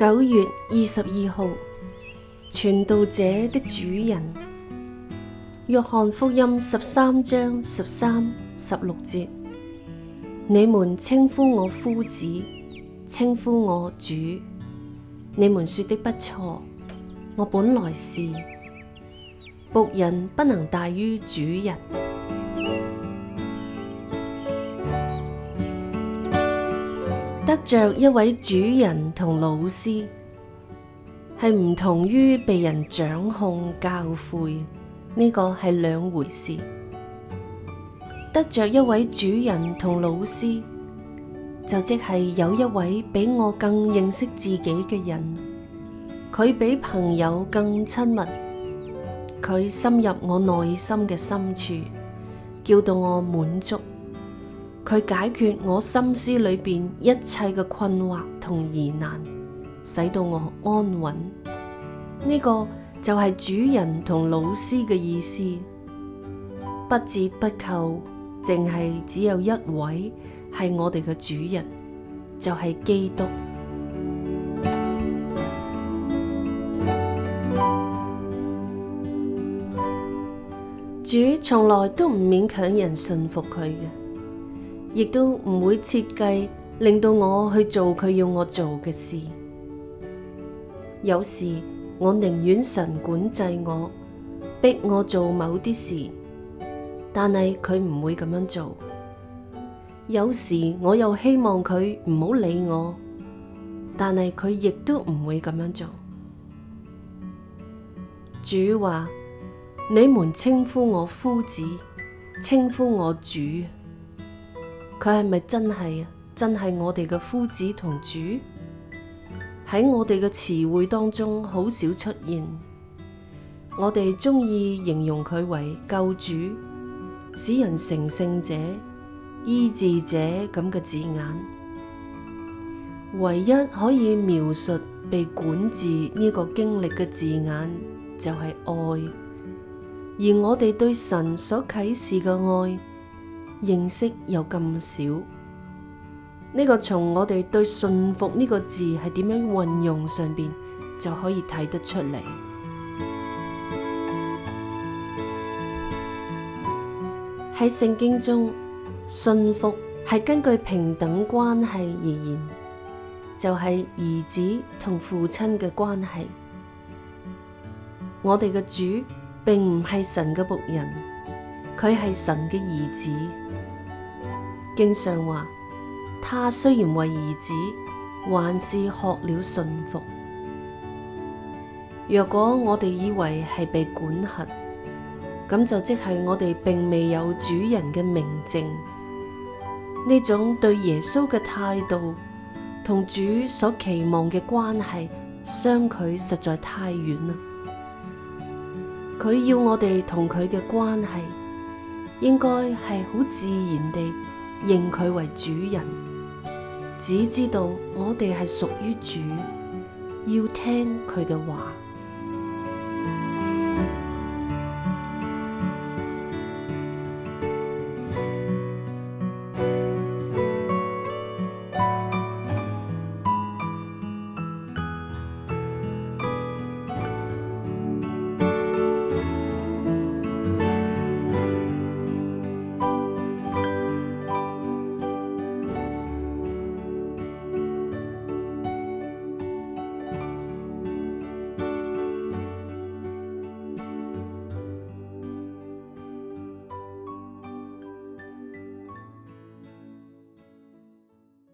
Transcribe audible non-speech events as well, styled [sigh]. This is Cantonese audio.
九月二十二號，傳道者的主人，約翰福音十三章十三、十六節：你們稱呼我夫子，稱呼我主，你們說的不錯，我本來是，僕人不能大於主人。得着一位主人同老師，係唔同於被人掌控教誨，呢個係兩回事。得着一位主人同老師，就即係有一位比我更認識自己嘅人，佢比朋友更親密，佢深入我內心嘅深處，叫到我滿足。佢解決我心思裏邊一切嘅困惑同疑難，使到我安穩。呢個就係主人同老師嘅意思，不折不扣，淨係只有一位係我哋嘅主人，就係基督。主從來都唔勉強人信服佢嘅。亦都唔會設計令到我去做佢要我做嘅事。有時我寧願神管制我，逼我做某啲事，但係佢唔會咁樣做。有時我又希望佢唔好理我，但係佢亦都唔會咁樣做。主話：你們稱呼我夫子，稱呼我主。佢係咪真係真係我哋嘅夫子同主？喺我哋嘅詞彙當中好少出現，我哋鍾意形容佢為救主、使人成聖者、醫治者咁嘅字眼。唯一可以描述被管治呢個經歷嘅字眼就係愛，而我哋對神所啟示嘅愛。認識又咁少，呢、這個從我哋對信服呢個字係點樣運用上邊就可以睇得出嚟。喺聖 [music] 經中，信服係根據平等關係而言，就係、是、兒子同父親嘅關係。我哋嘅主並唔係神嘅僕人，佢係神嘅兒子。經常話，他雖然為兒子，還是學了順服。若果我哋以為係被管轄，咁就即係我哋並未有主人嘅名證。呢種對耶穌嘅態度，同主所期望嘅關係相距實在太遠啦。佢要我哋同佢嘅關係，應該係好自然地。認佢為主人，只知道我哋係屬於主，要聽佢嘅話。